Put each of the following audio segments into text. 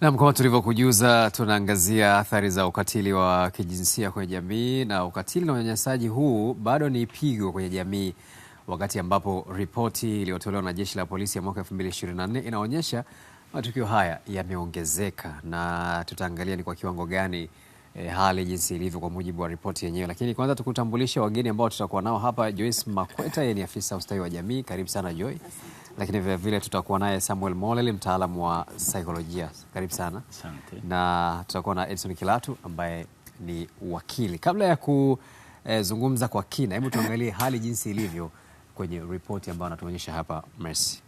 Nam, kama tulivyokujuza, tunaangazia athari za ukatili wa kijinsia kwenye jamii, na ukatili na unyanyasaji huu bado ni pigo kwenye jamii, wakati ambapo ripoti iliyotolewa na jeshi la polisi ya mwaka 2024 inaonyesha matukio haya yameongezeka, na tutaangalia ni kwa kiwango gani e, hali jinsi ilivyo kwa mujibu wa ripoti yenyewe. Lakini kwanza tukutambulishe wageni ambao tutakuwa nao hapa. Joyce Makweta, yeye ni afisa ustawi wa jamii. Karibu sana Joy lakini vile vile tutakuwa naye Samuel Moleli, mtaalamu wa saikolojia. Karibu sana. Asante. Na tutakuwa na Edson Kilatu ambaye ni wakili. Kabla ya kuzungumza eh, kwa kina, hebu tuangalie hali jinsi ilivyo kwenye ripoti ambayo anatuonyesha hapa Mercy.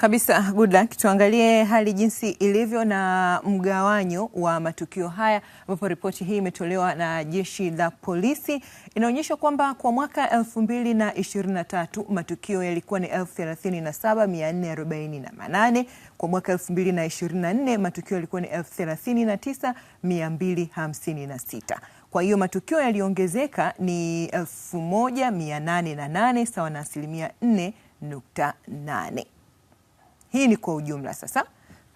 Kabisa, good luck. Tuangalie hali jinsi ilivyo na mgawanyo wa matukio haya, ambapo ripoti hii imetolewa na jeshi la polisi inaonyesha kwamba kwa mwaka 223 matukio yalikuwa ni 37448, kwa mwaka 224 matukio yalikuwa ni 39256. Kwa hiyo matukio yaliongezeka ni 188 sawa na asilimia 4.8. Hii ni kwa ujumla. Sasa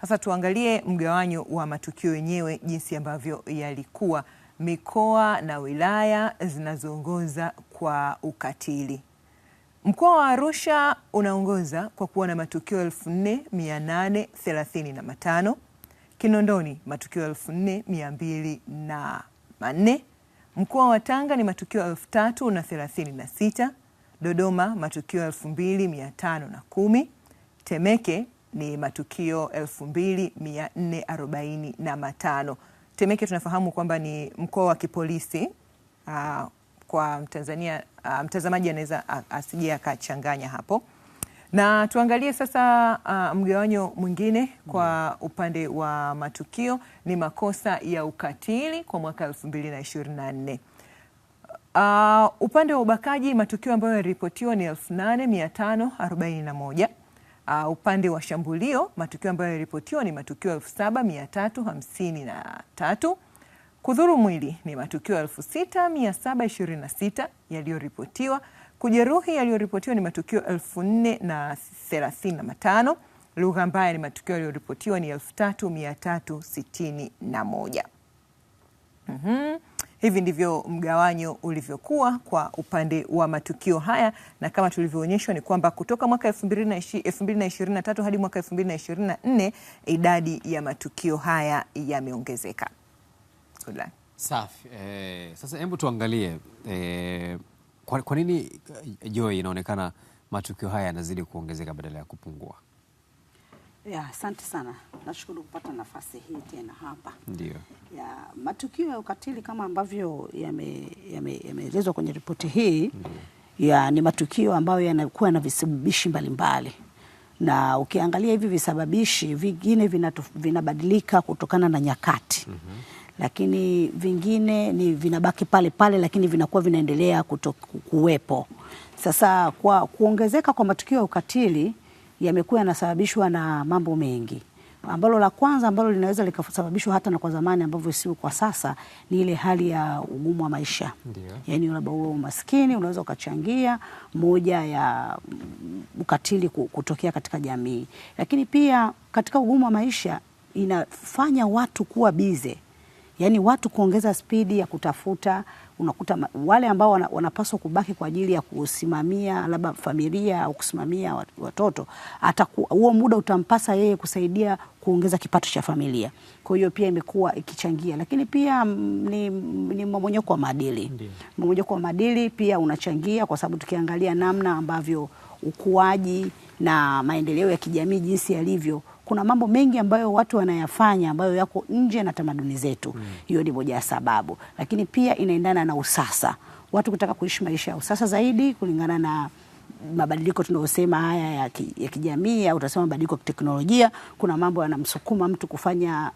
sasa tuangalie mgawanyo wa matukio yenyewe jinsi ambavyo yalikuwa, mikoa na wilaya zinazoongoza kwa ukatili. Mkoa wa Arusha unaongoza kwa kuwa na matukio 4835, Kinondoni matukio 4204, mkoa wa Tanga ni matukio 3036, Dodoma matukio 2510 Temeke ni matukio 2445. na matano. Temeke tunafahamu kwamba ni mkoa wa kipolisi uh, kwa Mtanzania uh, mtazamaji anaweza ah, asije akachanganya hapo, na tuangalie sasa uh, mgawanyo mwingine kwa upande wa matukio ni makosa ya ukatili kwa mwaka 2024. na Uh, upande wa ubakaji matukio ambayo yaliripotiwa ni 8541 Uh, upande wa shambulio matukio ambayo yaliripotiwa ni matukio 7353, kudhuru mwili ni matukio 6726 yaliyoripotiwa, kujeruhi yaliyoripotiwa ni matukio 4035, lugha mbaya ni matukio yaliyoripotiwa ni 3361. Mhm. Mm Hivi ndivyo mgawanyo ulivyokuwa kwa upande wa matukio haya, na kama tulivyoonyeshwa ni kwamba kutoka mwaka 2023 hadi mwaka 2024 idadi ya matukio haya yameongezeka. Safi. Eh, sasa hebu tuangalie eh, kwa, kwa nini eh, Joy, inaonekana matukio haya yanazidi kuongezeka badala ya kupungua? Ya, asante sana. Nashukuru kupata nafasi hii tena hapa. Ndio. Ya, matukio ya ukatili kama ambavyo yameelezwa yame, yame kwenye ripoti hii ya, ni matukio ambayo yanakuwa na visababishi mbalimbali na ukiangalia hivi visababishi vingine vinabadilika kutokana na nyakati mm -hmm. Lakini vingine ni vinabaki pale pale, lakini vinakuwa vinaendelea kuwepo. Sasa kwa kuongezeka kwa matukio ya ukatili yamekuwa yanasababishwa na mambo mengi ambalo la kwanza ambalo linaweza likasababishwa hata na kwa zamani ambavyo sio kwa sasa ni ile hali ya ugumu wa maisha. Yani labda huo umaskini unaweza ukachangia moja ya ukatili kutokea katika jamii, lakini pia katika ugumu wa maisha inafanya watu kuwa bize, yani watu kuongeza spidi ya kutafuta unakuta wale ambao wanapaswa kubaki kwa ajili ya kusimamia labda familia au kusimamia watoto, huo muda utampasa yeye kusaidia kuongeza kipato cha familia. Kwa hiyo pia imekuwa ikichangia, lakini pia mm, ni, ni mmomonyoko wa maadili. Mmomonyoko wa maadili pia unachangia, kwa sababu tukiangalia namna ambavyo ukuaji na maendeleo ya kijamii jinsi yalivyo kuna mambo mengi ambayo watu wanayafanya ambayo yako nje na tamaduni zetu. Hmm. Hiyo mm. ni moja ya sababu, lakini pia inaendana na usasa, watu kutaka kuishi maisha ya usasa zaidi kulingana na mabadiliko tunayosema haya ya, ki, ya kijamii au utasema mabadiliko ya kiteknolojia. Kuna mambo yanamsukuma mtu kufanya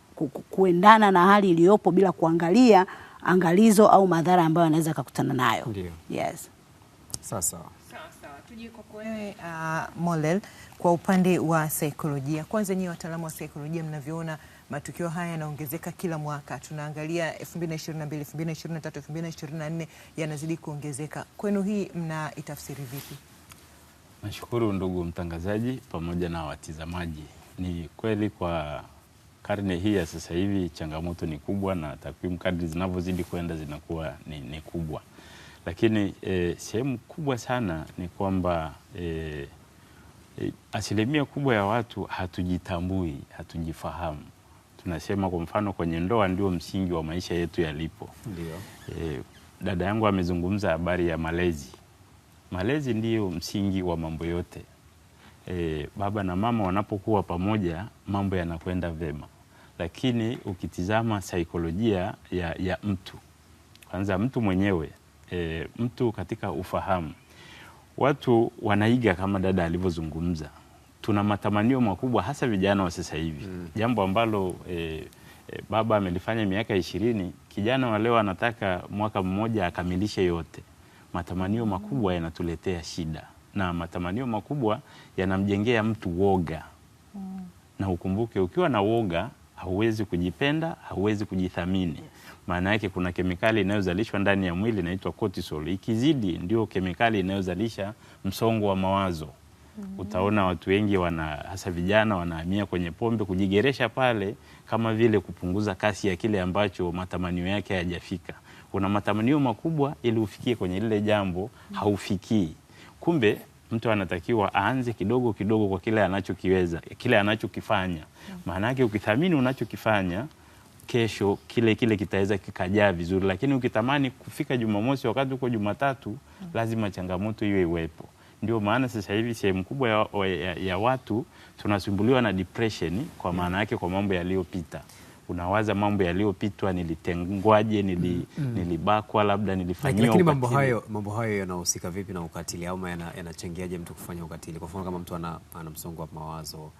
kuendana na hali iliyopo bila kuangalia angalizo au madhara ambayo anaweza akakutana nayo. Yes. Sasa. Sasa, tuje kwako wewe uh, Molel kwa upande wa saikolojia, kwanza nyinyi wataalamu wa saikolojia, mnavyoona matukio haya yanaongezeka kila mwaka, tunaangalia 2022, 2023, 2024 yanazidi kuongezeka. Kwenu hii mna itafsiri vipi? Nashukuru ndugu mtangazaji pamoja na watizamaji. Ni kweli kwa karne hii ya sasa hivi changamoto ni kubwa, na takwimu kadri zinavyozidi kwenda zinakuwa ni, ni kubwa, lakini e, sehemu kubwa sana ni kwamba e, Eh, asilimia kubwa ya watu hatujitambui, hatujifahamu. Tunasema kwa mfano kwenye ndoa ndio msingi wa maisha yetu yalipo. Ndio. E, dada yangu amezungumza habari ya malezi. Malezi ndio msingi wa mambo yote. E, baba na mama wanapokuwa pamoja mambo yanakwenda vema, lakini ukitizama saikolojia ya, ya mtu kwanza mtu mwenyewe e, mtu katika ufahamu watu wanaiga kama dada alivyozungumza, tuna matamanio makubwa hasa vijana wa sasa hivi mm. jambo ambalo eh, eh, baba amelifanya miaka ishirini, kijana wa leo anataka mwaka mmoja akamilishe yote. Matamanio makubwa yanatuletea shida na matamanio makubwa yanamjengea mtu woga mm. na ukumbuke, ukiwa na woga hauwezi kujipenda, hauwezi kujithamini yes maana yake kuna kemikali inayozalishwa ndani ya mwili inaitwa cortisol. Ikizidi ndio kemikali inayozalisha msongo wa mawazo. Mm -hmm. Utaona watu wengi wana hasa vijana wanahamia kwenye pombe kujigeresha pale, kama vile kupunguza kasi ya kile ambacho matamanio yake hayajafika. Una matamanio makubwa ili ufikie kwenye lile jambo, mm-hmm. haufikii. Kumbe mtu anatakiwa aanze kidogo kidogo kwa kile anachokiweza, kile anachokifanya. Mm-hmm. Maana yake ukithamini unachokifanya kesho kile kile kitaweza kikajaa vizuri, lakini ukitamani kufika Jumamosi wakati uko Jumatatu mm. lazima changamoto hiyo iwepo. Ndio maana sasa hivi sehemu kubwa ya, ya, ya watu tunasumbuliwa na depression, kwa maana yake kwa mambo yaliyopita unawaza mambo yaliyopitwa, nilitengwaje, nili, mm. nilibakwa, labda nilifanyiwa. Lakini mambo hayo mambo hayo yanahusika vipi na ukatili, ama yanachangiaje yana mtu kufanya ukatili? Kwa mfano kama mtu ana, ana msongo wa mawazo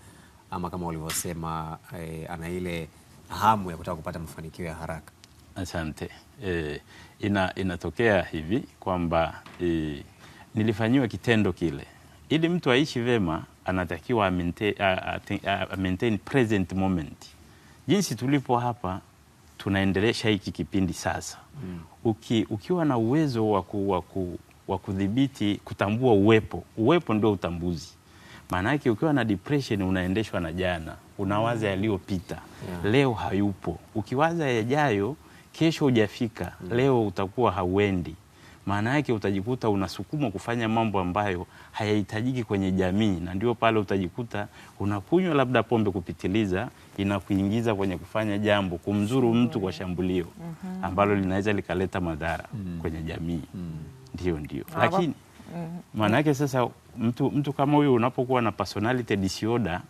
ama kama ulivyosema eh, ana ile hamu ya kutaka kupata mafanikio ya haraka? Asante. E, ina, inatokea hivi kwamba e, nilifanyiwa kitendo kile. Ili mtu aishi vema anatakiwa a maintain, present moment. Jinsi tulipo hapa tunaendelesha hiki kipindi sasa. Mm. Uki, ukiwa na uwezo wa kudhibiti kutambua uwepo, uwepo ndio utambuzi maana yake ukiwa na depression unaendeshwa na jana, unawaza mm. yaliyopita yeah. Leo hayupo, ukiwaza yajayo, kesho hujafika mm. Leo utakuwa hauendi, maana yake utajikuta unasukumwa kufanya mambo ambayo hayahitajiki kwenye jamii, na ndio pale utajikuta unakunywa labda pombe kupitiliza, inakuingiza kwenye kufanya jambo kumzuru mtu kwa mm-hmm. shambulio mm-hmm. ambalo linaweza likaleta madhara mm. kwenye jamii mm. Ndio, ndio, ah, lakini Maanake sasa mtu, mtu kama huyu unapokuwa na personality disorder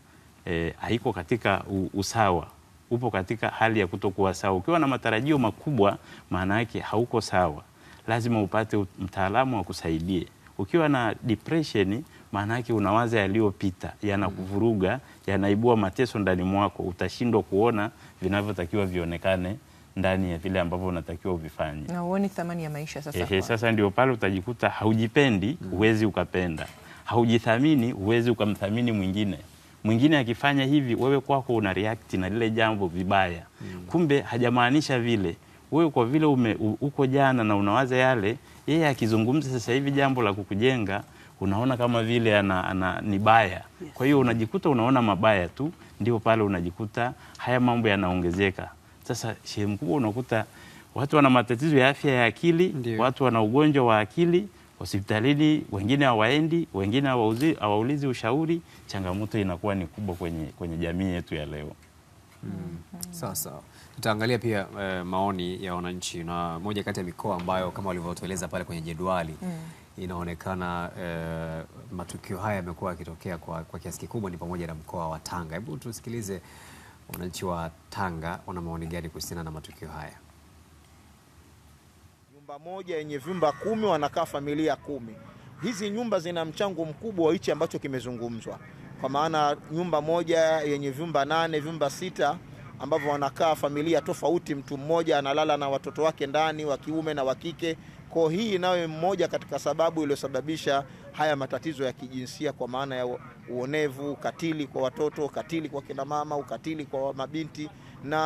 eh, haiko katika usawa, upo katika hali ya kutokuwa sawa. Ukiwa na matarajio makubwa, maana yake hauko sawa, lazima upate mtaalamu akusaidie. Ukiwa na depression maana yake unawaza yaliyopita yanakuvuruga, yanaibua mateso ndani mwako, utashindwa kuona vinavyotakiwa vionekane ndani ya vile ambavyo unatakiwa uvifanye na uone thamani ya maisha sasa. Ehe, sasa ndio pale utajikuta haujipendi, mm. huwezi mm. ukapenda, haujithamini, huwezi ukamthamini mwingine mwingine akifanya hivi, wewe kwako una react na lile jambo vibaya mm. kumbe hajamaanisha vile. Wewe kwa vile ume, uko jana na unawaza yale, yeye akizungumza sasa hivi jambo la kukujenga unaona kama vile ana, ana ni baya yes. Kwa hiyo unajikuta unaona mabaya tu, ndipo pale unajikuta haya mambo yanaongezeka. Sasa sehemu kubwa unakuta watu wana matatizo ya afya ya akili Ndiyo. watu wana ugonjwa wa akili hospitalini, wengine hawaendi, wengine hawaulizi ushauri. Changamoto inakuwa ni kubwa kwenye, kwenye jamii yetu ya leo. Mm. Sawa sawa, tutaangalia pia eh, maoni ya wananchi na moja kati ya mikoa ambayo kama walivyotueleza pale kwenye jedwali mm. inaonekana eh, matukio haya yamekuwa yakitokea kwa, kwa kiasi kikubwa ni pamoja na mkoa wa Tanga. Hebu tusikilize Wananchi wa Tanga wana maoni gani kuhusiana na matukio haya? Nyumba moja yenye vyumba kumi wanakaa familia kumi. Hizi nyumba zina mchango mkubwa wa hichi ambacho kimezungumzwa, kwa maana nyumba moja yenye vyumba nane, vyumba sita ambavyo wanakaa familia tofauti, mtu mmoja analala na watoto wake ndani, wa kiume na wa kike. Kwa hii nayo mmoja katika sababu iliyosababisha haya matatizo ya kijinsia kwa maana ya uonevu, ukatili kwa watoto, ukatili kwa kinamama, ukatili kwa mabinti. Na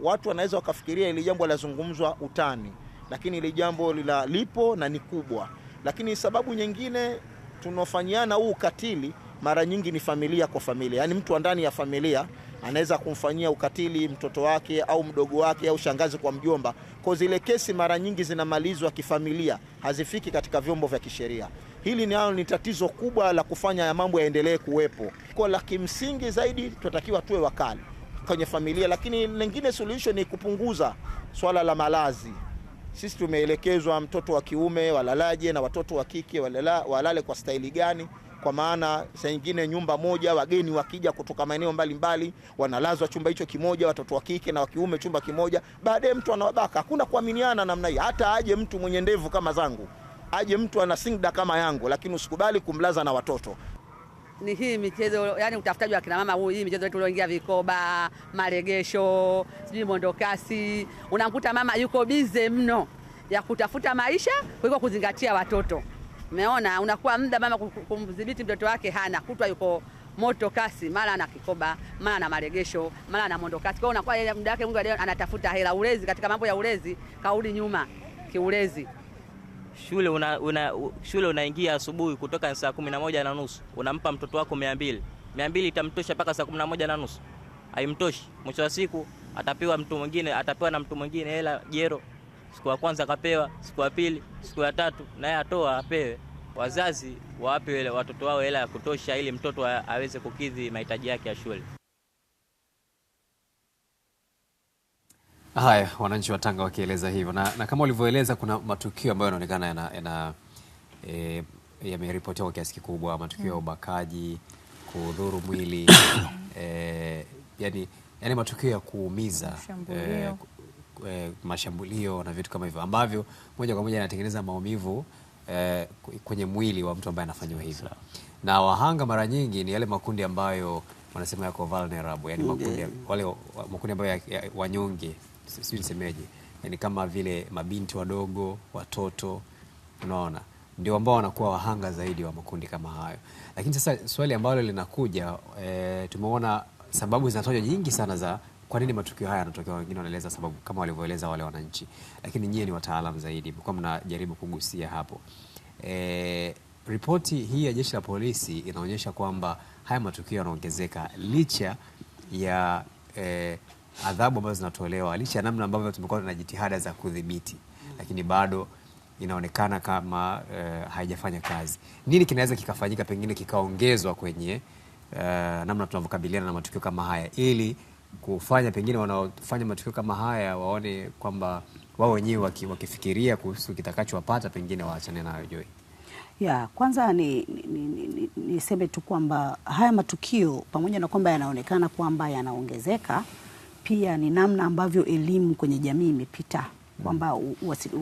watu wanaweza wakafikiria ili jambo linazungumzwa utani, lakini ili jambo lila lipo na ni kubwa. Lakini sababu nyingine tunaofanyiana huu ukatili mara nyingi ni familia kwa familia, yaani mtu wa ndani ya familia anaweza kumfanyia ukatili mtoto wake au mdogo wake au shangazi kwa mjomba. Kwa zile kesi mara nyingi zinamalizwa kifamilia, hazifiki katika vyombo vya kisheria. Hili nalo ni tatizo kubwa la kufanya ya mambo yaendelee kuwepo. Kwa la kimsingi zaidi, tunatakiwa tuwe wakali kwenye familia, lakini lingine suluhisho ni kupunguza swala la malazi. Sisi tumeelekezwa mtoto wa kiume walalaje na watoto wa kike walala, walale kwa staili gani? kwa maana saa nyingine nyumba moja, wageni wakija kutoka maeneo mbalimbali wanalazwa chumba hicho kimoja, watoto wa kike na wa kiume chumba kimoja, baadaye mtu anawabaka. Hakuna kuaminiana namna hii. Hata aje mtu mwenye ndevu kama zangu, aje mtu ana singda kama yangu, lakini usikubali kumlaza na watoto ni hii michezo yani, utafutaji wa kina mama huu, hii michezo yetu ulioingia vikoba, maregesho, sijui mwondokasi, unamkuta mama yuko bize mno ya kutafuta maisha kuliko kuzingatia watoto. Umeona, unakuwa muda mama kumdhibiti mtoto wake hana kutwa, yuko moto kasi, mara ana kikoba, mara ana maregesho, mara ana mondo kasi. Kwa hiyo unakuwa muda wake mwingi anatafuta hela. Ulezi, katika mambo ya ulezi kaudi nyuma kiulezi. Shule una, una, shule unaingia asubuhi kutoka saa kumi na moja na nusu unampa mtoto wako mia mbili mia mbili itamtosha mpaka saa kumi na moja na nusu haimtoshi. Mwisho wa siku atapewa mtu mwingine, atapewa na mtu mwingine hela jero siku ya kwanza akapewa siku ya pili, siku ya tatu, naye atoa apewe. Wazazi wawape watoto wao hela ya kutosha, ili mtoto aweze kukidhi mahitaji yake ya shule. Haya, wananchi wa Tanga wakieleza hivyo na, na kama ulivyoeleza kuna matukio ambayo yanaonekana yana, yana e, yameripotiwa kwa kiasi kikubwa, matukio ya mm. ubakaji, kudhuru mwili e, yani, yani matukio ya kuumiza e, eh, mashambulio na vitu kama hivyo ambavyo moja kwa moja yanatengeneza maumivu eh, kwenye mwili wa mtu ambaye anafanyiwa hivyo. Na wahanga mara nyingi ni yale makundi ambayo wanasema yako vulnerable, yani makundi wale makundi ambayo wanyonge, sijui nisemeje, yani kama vile mabinti wadogo, watoto, unaona ndio ambao wanakuwa wahanga zaidi wa makundi kama hayo. Lakini sasa swali ambalo linakuja e, tumeona sababu zinatajwa nyingi sana za kwa nini matukio haya yanatokea? Wengine wanaeleza sababu kama walivyoeleza wale wananchi, lakini nyie ni wataalamu zaidi, mlikuwa mnajaribu kugusia hapo. E, ripoti hii ya jeshi la polisi inaonyesha kwamba haya matukio yanaongezeka licha ya e, adhabu ambazo zinatolewa, licha ya namna ambavyo tumekuwa na jitihada za kudhibiti, lakini bado inaonekana kama e, haijafanya kazi. Nini kinaweza kikafanyika, pengine kikaongezwa kwenye e, namna tunavyokabiliana na matukio kama haya ili kufanya pengine wanaofanya matukio kama haya waone kwamba wao wenyewe waki, wakifikiria kuhusu kitakachowapata pengine waachane nayo Joy? Ya kwanza niseme ni, ni, ni tu kwamba haya matukio pamoja na kwamba yanaonekana kwamba yanaongezeka, pia ni namna ambavyo elimu kwenye jamii imepita, kwamba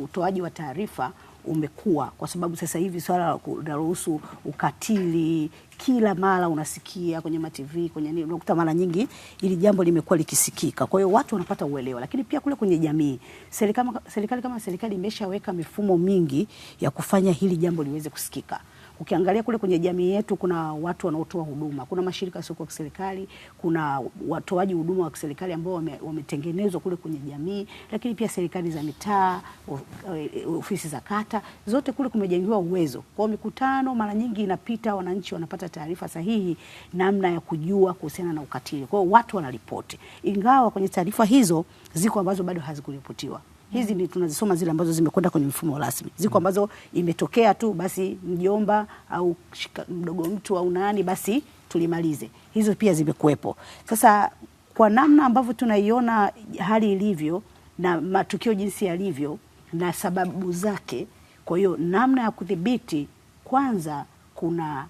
utoaji wa taarifa umekuwa, kwa sababu sasa hivi swala linaruhusu ukatili, kila mara unasikia kwenye matv kwenye nini, unakuta mara nyingi ili jambo limekuwa likisikika. Kwa hiyo watu wanapata uelewa, lakini pia kule kwenye jamii, serikali kama serikali imeshaweka mifumo mingi ya kufanya hili jambo liweze kusikika. Ukiangalia kule kwenye jamii yetu, kuna watu wanaotoa huduma, kuna mashirika sio ya kiserikali, kuna watoaji huduma wa kiserikali ambao wametengenezwa kule kwenye jamii, lakini pia serikali za mitaa, ofisi za kata, zote kule kumejengiwa uwezo. Kwa mikutano mara nyingi inapita, wananchi wanapata taarifa sahihi namna ya kujua kuhusiana na ukatili, kwa hiyo watu wanaripoti, ingawa kwenye taarifa hizo ziko ambazo bado hazikuripotiwa hizi ni tunazisoma zile ambazo zimekwenda kwenye mfumo rasmi. Ziko ambazo imetokea tu basi mjomba au shika, mdogo mtu au nani basi tulimalize. Hizo pia zimekuwepo. Sasa kwa namna ambavyo tunaiona hali ilivyo na matukio jinsi yalivyo na sababu zake, kwa hiyo namna ya kudhibiti kwanza kuna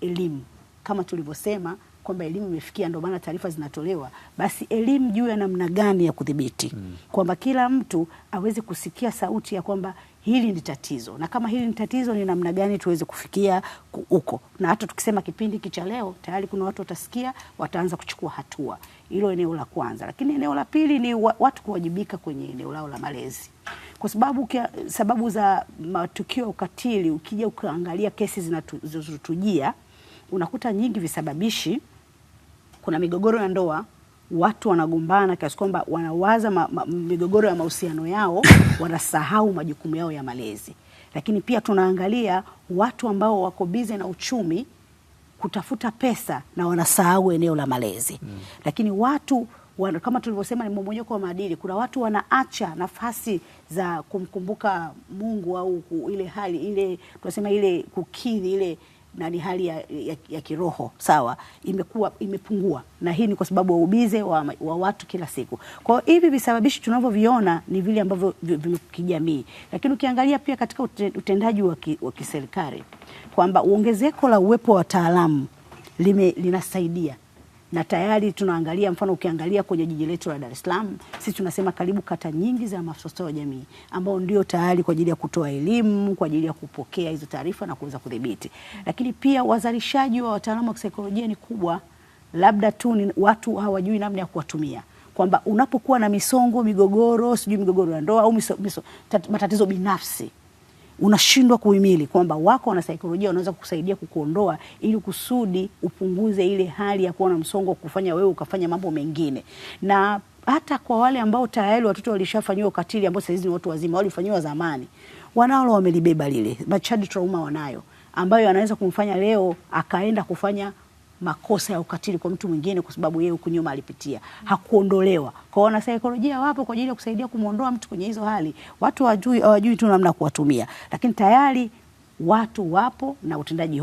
elimu kama tulivyosema kwamba elimu imefikia, ndio maana taarifa zinatolewa, basi elimu juu ya namna gani ya kudhibiti mm. kwamba kila mtu aweze kusikia sauti ya kwamba hili ni tatizo, na kama hili ni tatizo, ni namna gani tuweze kufikia huko. Na hata tukisema kipindi hiki cha leo, tayari kuna watu watasikia, wataanza kuchukua hatua. Hilo eneo la kwanza, lakini eneo la pili ni watu kuwajibika kwenye eneo lao la malezi, kwa sababu kia, sababu za matukio ya ukatili, ukija ukaangalia kesi zinazotujia unakuta nyingi visababishi kuna migogoro ya ndoa, watu wanagombana kiasi kwamba wanawaza ma, ma, migogoro ya mahusiano yao, wanasahau majukumu yao ya malezi. Lakini pia tunaangalia watu ambao wako bize na uchumi kutafuta pesa na wanasahau eneo la malezi mm. Lakini watu wana, kama tulivyosema ni mmomonyoko wa maadili. Kuna watu wanaacha nafasi za kumkumbuka Mungu au ile hali ile tunasema ile kukidhi ile na ni hali ya, ya, ya kiroho sawa, imekuwa imepungua, na hii ni kwa sababu wa ubize wa, wa watu kila siku. Kwa hiyo hivi visababishi tunavyoviona ni vile ambavyo vimekijamii, lakini ukiangalia pia katika utendaji wa, ki, wa kiserikali kwamba ongezeko la uwepo wa wataalamu linasaidia na tayari tunaangalia, mfano ukiangalia kwenye jiji letu la Dar es Salaam, sisi tunasema karibu kata nyingi za maafisa wa jamii ambao ndio tayari kwa ajili ya kutoa elimu, kwa ajili ya kupokea hizo taarifa na kuweza kudhibiti. Lakini pia wazalishaji wa wataalamu wa kisaikolojia ni kubwa, labda tu ni watu hawajui namna ya kuwatumia kwamba unapokuwa na misongo, migogoro, sijui migogoro ya ndoa au miso, miso, tat, matatizo binafsi unashindwa kuhimili kwamba wako saikolojia wanaweza kukusaidia kukuondoa, ili kusudi upunguze ile hali ya kuwa na msongo, wa kufanya wewe ukafanya mambo mengine na hata kwa wale ambao tayari watoto walishafanyiwa ukatili ambao saizi ni watu wazima, walifanyiwa zamani, wanalo wamelibeba lile machadi trauma wanayo, ambayo anaweza kumfanya leo akaenda kufanya makosa ya ukatili kwa mtu mwingine kwa sababu yeye huko nyuma alipitia, hakuondolewa. Kwa wana saikolojia wapo kwa ajili ya kusaidia kumwondoa mtu kwenye hizo hali. Watu hawajui hawajui tu namna kuwatumia, lakini tayari watu wapo na utendaji,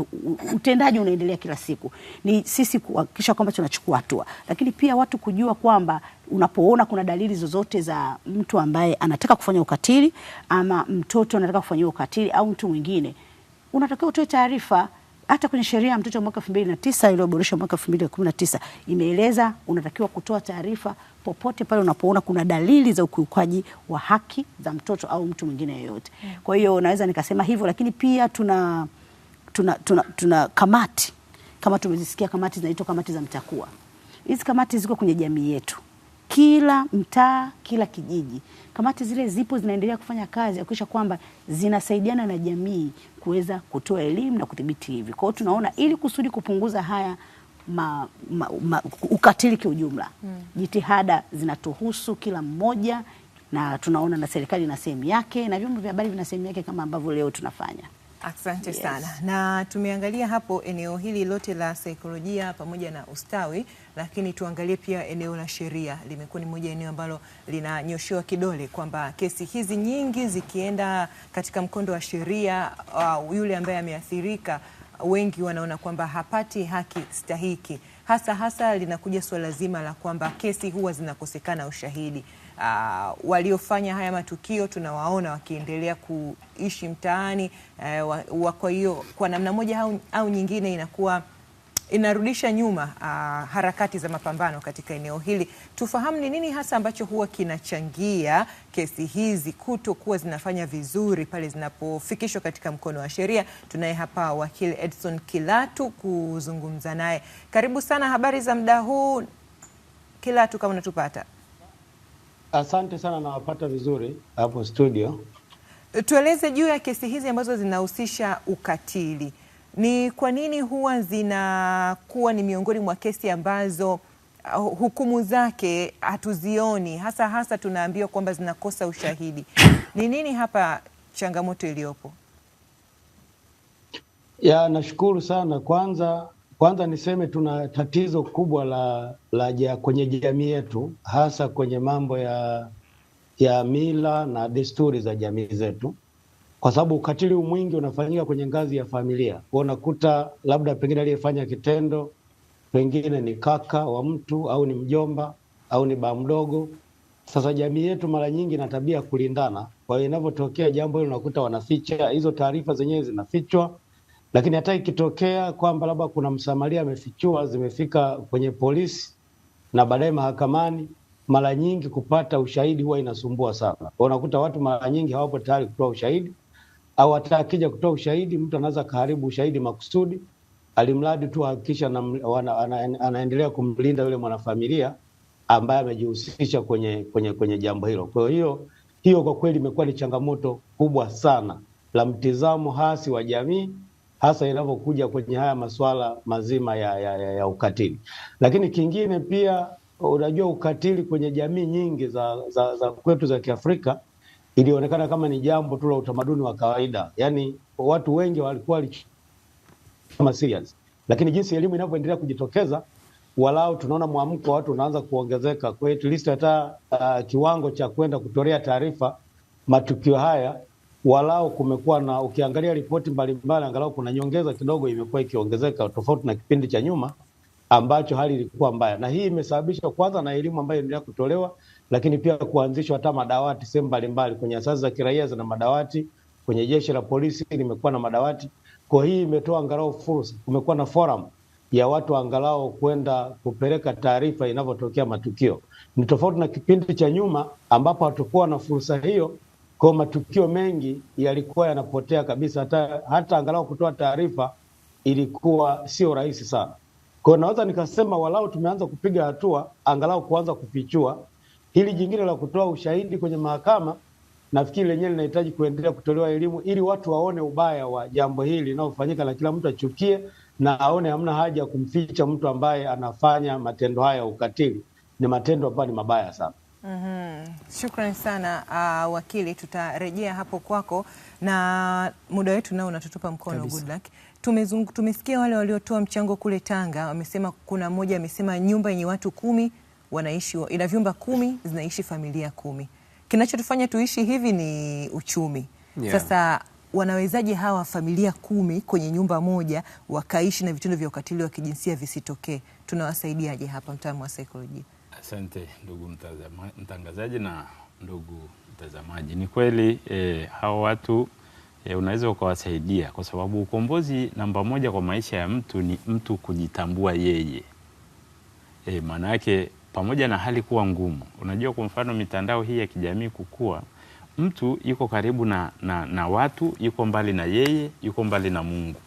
utendaji unaendelea kila siku. Ni sisi kuhakikisha kwamba tunachukua hatua, lakini pia watu kujua kwamba unapoona kuna dalili zozote za mtu ambaye anataka kufanya ukatili ama mtoto anataka kufanyia ukatili au mtu mwingine, unatakiwa utoe taarifa hata kwenye sheria ya mtoto mwaka 2009 iliyoboreshwa mwaka 2019 imeeleza unatakiwa kutoa taarifa popote pale unapoona kuna dalili za ukiukaji wa haki za mtoto au mtu mwingine yeyote. Hmm. Kwa hiyo naweza nikasema hivyo, lakini pia tuna, tuna, tuna, tuna kamati kama tumezisikia kamati zinaitwa kamati za mtakuwa. Hizi kamati ziko kwenye jamii yetu kila mtaa, kila kijiji. Kamati zile zipo zinaendelea kufanya kazi kuhakikisha kwamba zinasaidiana na jamii kuweza kutoa elimu na kudhibiti hivi. Kwa hiyo tunaona ili kusudi kupunguza haya ma, ma, ma, ukatili kiujumla mm. Jitihada zinatuhusu kila mmoja, na tunaona na serikali na sehemu yake na vyombo vya habari vina sehemu yake kama ambavyo leo tunafanya. Asante yes, sana. Na tumeangalia hapo eneo hili lote la saikolojia pamoja na ustawi, lakini tuangalie pia eneo la sheria. Limekuwa ni moja eneo ambalo linanyoshewa kidole kwamba kesi hizi nyingi zikienda katika mkondo wa sheria, uh, yule ambaye ameathirika wengi wanaona kwamba hapati haki stahiki. Hasa hasa linakuja suala zima la kwamba kesi huwa zinakosekana ushahidi uh, waliofanya haya matukio tunawaona wakiendelea kuishi mtaani uh, kwa hiyo kwa namna moja au, au nyingine inakuwa inarudisha nyuma uh, harakati za mapambano katika eneo hili. Tufahamu ni nini hasa ambacho huwa kinachangia kesi hizi kutokuwa zinafanya vizuri pale zinapofikishwa katika mkono wa sheria. Tunaye hapa wakili Edson Kilatu kuzungumza naye. Karibu sana, habari za muda huu Kilatu, kama unatupata? Asante sana, nawapata vizuri hapo studio. Tueleze juu ya kesi hizi ambazo zinahusisha ukatili, ni kwa nini huwa zinakuwa ni miongoni mwa kesi ambazo uh, hukumu zake hatuzioni, hasa hasa tunaambiwa kwamba zinakosa ushahidi? Ni nini hapa changamoto iliyopo? Ya, nashukuru sana kwanza kwanza niseme tuna tatizo kubwa la, la ja, kwenye jamii yetu hasa kwenye mambo ya, ya mila na desturi za jamii zetu, kwa sababu ukatili mwingi unafanyika kwenye ngazi ya familia. Unakuta labda pengine aliyefanya kitendo pengine ni kaka wa mtu au ni mjomba au ni baa mdogo. Sasa jamii yetu mara nyingi ina tabia kulindana, kwa hiyo inavyotokea jambo hilo unakuta wanaficha hizo taarifa, zenyewe zinafichwa lakini hata ikitokea kwamba labda kuna msamaria amefichua, zimefika kwenye polisi na baadaye mahakamani, mara nyingi kupata ushahidi huwa inasumbua sana. Unakuta watu mara nyingi hawapo tayari kutoa ushahidi, au hata akija kutoa ushahidi mtu anaweza kaharibu ushahidi makusudi, alimradi tu hakikisha anaendelea kumlinda yule mwanafamilia ambaye amejihusisha kwenye, kwenye, kwenye jambo hilo. Kwa hiyo hiyo kwa kweli imekuwa ni changamoto kubwa sana la mtizamo hasi wa jamii hasa inavyokuja kwenye haya masuala mazima ya, ya, ya, ya ukatili. Lakini kingine pia, unajua ukatili kwenye jamii nyingi za, za, za kwetu za Kiafrika ilionekana kama ni jambo tu la utamaduni wa kawaida, yaani watu wengi walikuwa kama serious, lakini jinsi elimu inavyoendelea kujitokeza walau tunaona mwamko wa watu unaanza kuongezeka. Kwa hiyo at least hata uh, kiwango cha kwenda kutolea taarifa matukio haya walao kumekuwa na, ukiangalia ripoti mbalimbali, angalau kuna nyongeza kidogo imekuwa ikiongezeka, tofauti na kipindi cha nyuma ambacho hali ilikuwa mbaya, na hii imesababishwa kwanza na elimu ambayo inaendelea kutolewa, lakini pia kuanzishwa hata madawati sehemu mbalimbali. Kwenye asasi za kiraia zina madawati, kwenye jeshi la polisi limekuwa na madawati. Kwa hii imetoa angalau fursa, kumekuwa na forum ya watu angalau kwenda kupeleka taarifa inavyotokea matukio. Ni tofauti na kipindi cha nyuma ambapo hatukuwa na fursa hiyo kwa matukio mengi yalikuwa yanapotea kabisa, hata, hata angalau kutoa taarifa ilikuwa sio rahisi sana. Kwa naweza nikasema walau tumeanza kupiga hatua, angalau kuanza kufichua. Hili jingine la kutoa ushahidi kwenye mahakama, nafikiri lenyewe linahitaji kuendelea kutolewa elimu, ili watu waone ubaya wa jambo hili linalofanyika, na kila mtu achukie na aone hamna haja ya kumficha mtu ambaye anafanya matendo haya ya ukatili. Ni matendo ambayo ni mabaya sana. Mm -hmm. Shukran sana uh, wakili, tutarejea hapo kwako na muda wetu nao unatutupa mkono. kabisa. Good luck. Tumezungu, tumesikia wale waliotoa mchango kule Tanga wamesema, kuna mmoja amesema nyumba yenye watu kumi wanaishi ina vyumba kumi zinaishi familia kumi. Kinachotufanya tuishi hivi ni uchumi. Yeah. Sasa wanawezaje hawa familia kumi kwenye nyumba moja wakaishi na vitendo vya ukatili wa kijinsia visitokee? Tunawasaidiaje hapa, mtaalamu wa saikolojia? Asante ndugu mtangazaji na ndugu mtazamaji. Ni kweli e, hao watu e, unaweza ukawasaidia kwa sababu ukombozi namba moja kwa maisha ya mtu ni mtu kujitambua yeye. E, maana yake pamoja na hali kuwa ngumu, unajua kwa mfano mitandao hii ya kijamii kukua, mtu yuko karibu na, na, na watu, yuko mbali na yeye, yuko mbali na Mungu.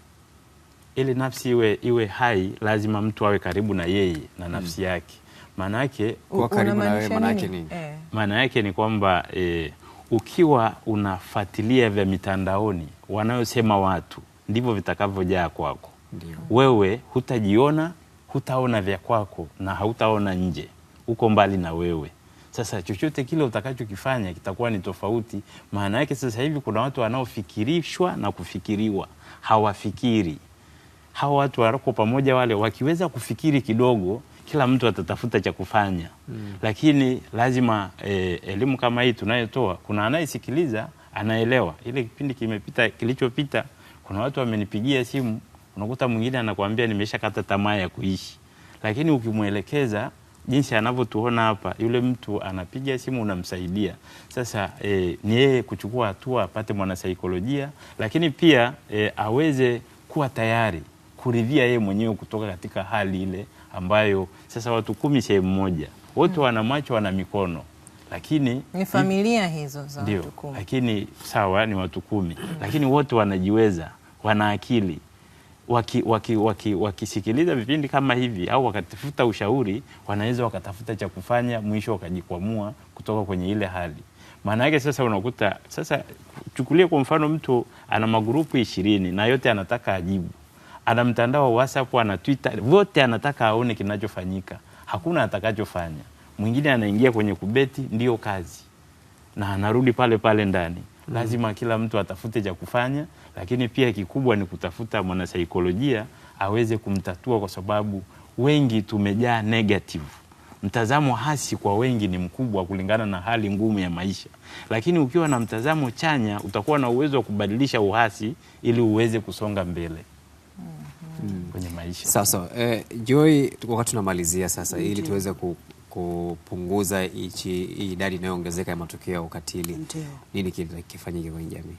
Ili nafsi iwe, iwe hai lazima mtu awe karibu na yeye na nafsi mm. yake maana yake kuwa karibu na wewe maana yake nini? Eh. Maana yake ni kwamba eh, ukiwa unafuatilia vya mitandaoni wanayosema watu ndivyo vitakavyojaa kwako. Ndiyo. Wewe hutajiona, hutaona vya kwako na hautaona nje, uko mbali na wewe. Sasa chochote kile utakachokifanya kitakuwa ni tofauti. Maana yake sasa hivi kuna watu wanaofikirishwa na kufikiriwa, hawafikiri. Hawa watu wako pamoja, wale wakiweza kufikiri kidogo kila mtu atatafuta cha kufanya mm. Lakini lazima e, elimu kama hii tunayotoa, kuna anayesikiliza anaelewa. Ile kipindi kimepita, kilichopita, kuna watu wamenipigia simu, unakuta mwingine anakuambia nimeshakata tamaa ya kuishi, lakini ukimwelekeza jinsi anavyotuona hapa, yule mtu anapiga simu, unamsaidia. Sasa e, ni yeye kuchukua hatua, apate mwanasaikolojia, lakini pia e, aweze kuwa tayari kuridhia yeye mwenyewe kutoka katika hali ile ambayo sasa watu kumi sehemu moja wote hmm. wana macho wana mikono lakini ni familia hizo za watu kumi. Lakini sawa ni watu kumi hmm. lakini wote wanajiweza, wana akili wakisikiliza waki, waki, waki vipindi kama hivi au wakatafuta ushauri, wanaweza wakatafuta cha kufanya, mwisho wakajikwamua kutoka kwenye ile hali. Maana yake sasa unakuta sasa, chukulie kwa mfano mtu ana magurupu ishirini na yote anataka ajibu ana mtandao wa WhatsApp, ana Twitter, wote anataka aone kinachofanyika, hakuna atakachofanya. Mwingine anaingia kwenye kubeti, ndiyo kazi, na anarudi pale pale ndani. Mm. Lazima kila mtu atafute cha kufanya, lakini pia kikubwa ni kutafuta mwanasaikolojia aweze kumtatua, kwa sababu wengi tumejaa negative mtazamo hasi kwa wengi ni mkubwa kulingana na hali ngumu ya maisha, lakini ukiwa na mtazamo chanya utakuwa na uwezo wa kubadilisha uhasi ili uweze kusonga mbele mm. kwenye maisha. Sasa eh, Joy, wakati tunamalizia sasa, ili tuweze ku, kupunguza hichi idadi inayoongezeka ya matukio ya ukatili Ndiyo. nini kifanyike kwenye jamii?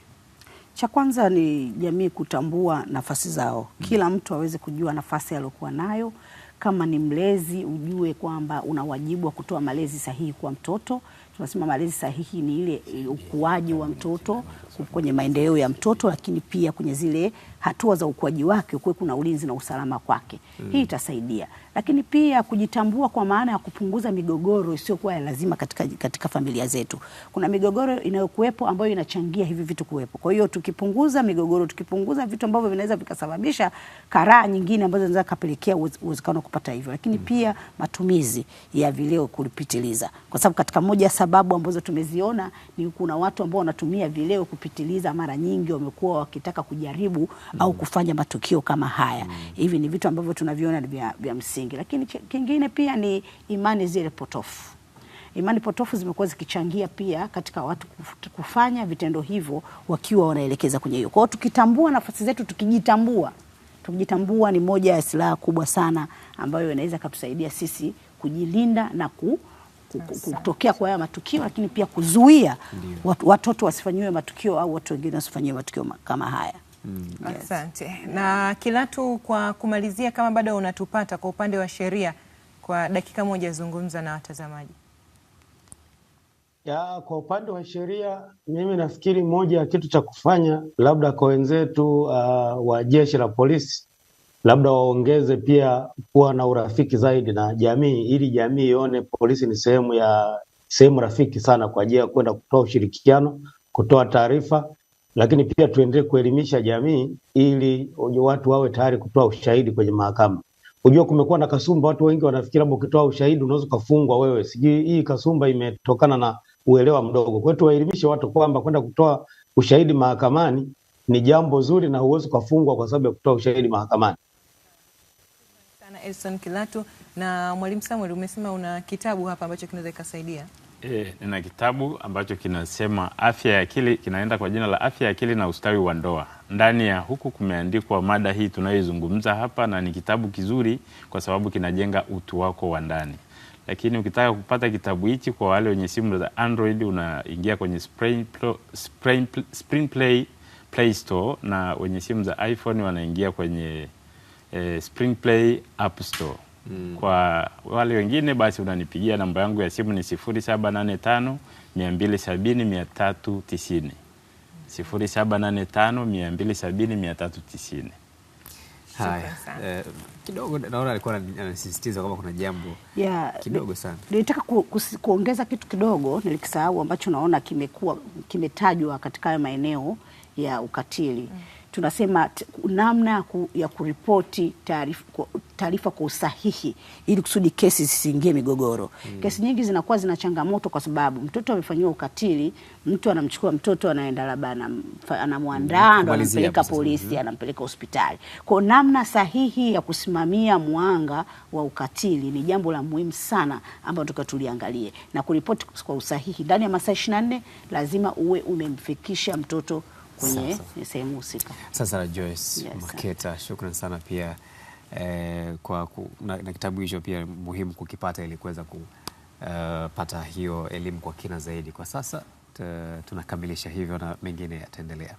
Cha kwanza ni jamii kutambua nafasi zao mm. Kila mtu aweze kujua nafasi aliyokuwa nayo. Kama ni mlezi, ujue kwamba una wajibu wa kutoa malezi sahihi kwa mtoto. Tunasema malezi sahihi ni ile eh, ukuaji wa mtoto kwenye maendeleo ya mtoto, lakini pia kwenye zile hatua za ukuaji wake kuwe kuna ulinzi na usalama kwake. Mm. Hii itasaidia, lakini pia kujitambua kwa maana ya kupunguza migogoro isiyokuwa ya lazima katika, katika familia zetu. Kuna migogoro inayokuwepo ambayo inachangia hivi vitu kuwepo. Kwa hiyo tukipunguza migogoro, tukipunguza vitu ambavyo vinaweza vikasababisha karaa nyingine ambazo zinaweza kapelekea uwezekano kupata hivyo, lakini mm. pia matumizi ya vileo kulipitiliza, kwa sababu katika moja ya sababu ambazo tumeziona ni kuna watu ambao wanatumia vileo kupitiliza kupitiliza, mara nyingi wamekuwa wakitaka kujaribu mm. au kufanya matukio kama haya mm. hivi ni vitu ambavyo tunaviona vya msingi, lakini kingine pia ni imani zile potofu imani potofu zimekuwa zikichangia pia katika watu kufanya vitendo hivyo wakiwa wanaelekeza kwenye hiyo. Kwa hiyo tukitambua nafasi zetu, tukijitambua, tukijitambua ni moja ya silaha kubwa sana ambayo inaweza katusaidia sisi kujilinda na ku kutokea kwa haya matukio, lakini pia kuzuia watoto wasifanyiwe matukio au watu wengine wasifanyiwe matukio kama haya. Mm. Yes. Asante. Na Kilatu, kwa kumalizia, kama bado unatupata kwa upande wa sheria, kwa dakika moja zungumza na watazamaji. Ya, kwa upande wa sheria mimi nafikiri moja ya kitu cha kufanya labda kwa wenzetu uh, wa jeshi la polisi labda waongeze pia kuwa na urafiki zaidi na jamii, ili jamii ione polisi ni sehemu ya sehemu rafiki sana kwa ajili ya kwenda kutoa ushirikiano, kutoa taarifa, lakini pia tuendelee kuelimisha jamii ili watu wawe tayari kutoa ushahidi kwenye mahakama. Unajua, kumekuwa na kasumba, watu wengi wanafikiri labda ukitoa ushahidi unaweza ukafungwa wewe. Sijui hii kasumba imetokana na uelewa mdogo. Kwa hiyo tuwaelimishe watu kwamba kwenda kutoa ushahidi mahakamani ni jambo zuri na huwezi ukafungwa kwa sababu ya kutoa ushahidi mahakamani. Edson Kilatu na Mwalimu Samuel, umesema una kitabu hapa ambacho kinaweza kikasaidia. E, eh, nina kitabu ambacho kinasema afya ya akili, kinaenda kwa jina la afya ya akili na ustawi wa ndoa. Ndani ya huku kumeandikwa mada hii tunayoizungumza hapa, na ni kitabu kizuri kwa sababu kinajenga utu wako wa ndani. Lakini ukitaka kupata kitabu hichi kwa wale wenye simu za Android, unaingia kwenye Spring, Spring, Spring Play, Play Store, na wenye simu za iPhone wanaingia kwenye eh, Spring Play App Store. Mm. Kwa wale wengine basi unanipigia namba yangu ya simu ni 0785 270 390. 0785 270 390. Haya, eh, kidogo naona alikuwa anasisitiza kwamba kuna jambo yeah, kidogo sana. Nilitaka ku, ku, kuongeza kitu kidogo nilikisahau ambacho naona kimekuwa kimetajwa katika hayo maeneo ya ukatili mm tunasema namna ya kuripoti taarifa kwa usahihi ili kusudi kesi zisiingie migogoro. Mm. Kesi nyingi zinakuwa zina changamoto kwa sababu mtoto amefanyiwa ukatili, mtu anamchukua mtoto anaenda labda anamwandaa, hmm. ndo anampeleka polisi, hmm. anampeleka hospitali. Kwa namna sahihi ya kusimamia mwanga wa ukatili ni jambo la muhimu sana ambalo tukiwa tuliangalie na kuripoti kwa usahihi ndani ya masaa 24 lazima uwe umemfikisha mtoto kwenye sehemu husika. Sasa Joyce yes, Maketa, shukran sana pia eh, kwa ku, na, na kitabu hicho pia muhimu kukipata ili kuweza kupata eh, uh, hiyo elimu kwa kina zaidi. Kwa sasa tunakamilisha hivyo na mengine yataendelea.